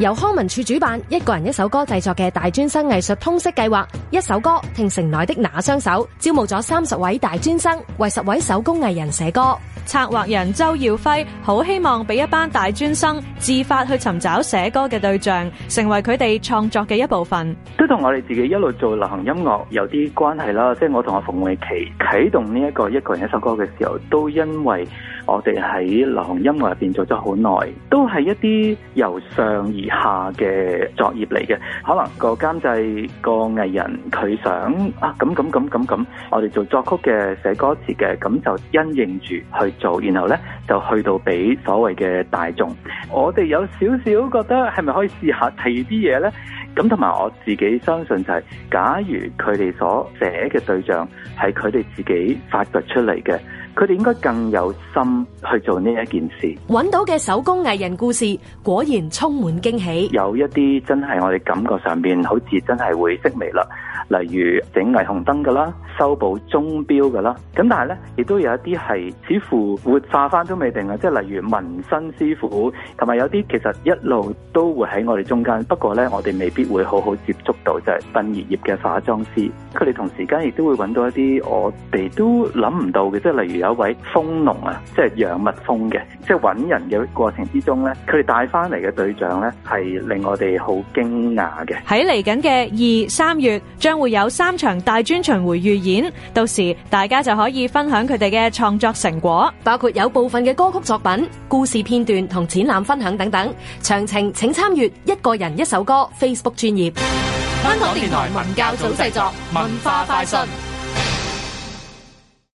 由康文署主辦，一個人一首歌製作嘅大專生藝術通識計劃，一首歌聽城內的那雙手，招募咗三十位大專生為十位手工藝人寫歌。策劃人周耀輝好希望俾一班大專生自發去尋找寫歌嘅對象，成為佢哋創作嘅一部分。都同我哋自己一路做流行音樂有啲關係啦。即係我同阿馮偉琪啟動呢一個一個人一首歌嘅時候，都因為我哋喺流行音樂入邊做咗好耐，都係一啲由上而以下嘅作業嚟嘅，可能個監製個藝人佢想啊，咁咁咁咁咁，我哋做作曲嘅寫歌詞嘅，咁就因應住去做，然後咧就去到俾所謂嘅大眾，我哋有少少覺得係咪可以試下提啲嘢咧？咁同埋我自己相信就係、是，假如佢哋所寫嘅對象係佢哋自己發掘出嚟嘅。佢哋應該更有心去做呢一件事。揾到嘅手工藝人故事，果然充滿驚喜。有一啲真係我哋感覺上面好似真係會式微啦，例如整霓虹燈噶啦、修補鐘表噶啦。咁但係咧，亦都有一啲係似乎活化翻都未定啊！即係例如紋身師傅，同埋有啲其實一路都會喺我哋中間，不過咧我哋未必會好好接觸。度就係殯儀業嘅化妝師，佢哋同時間亦都會揾到一啲我哋都諗唔到嘅，即係例如有一位蜂農啊，即係養蜜蜂嘅。即係揾人嘅過程之中呢，佢哋帶翻嚟嘅對象呢，係令我哋好驚訝嘅。喺嚟緊嘅二三月，將會有三場大專巡迴預演，到時大家就可以分享佢哋嘅創作成果，包括有部分嘅歌曲作品、故事片段同展覽分享等等。詳情請參閱一個人一首歌 Facebook 專頁。香港電台文教組製作，文化快訊。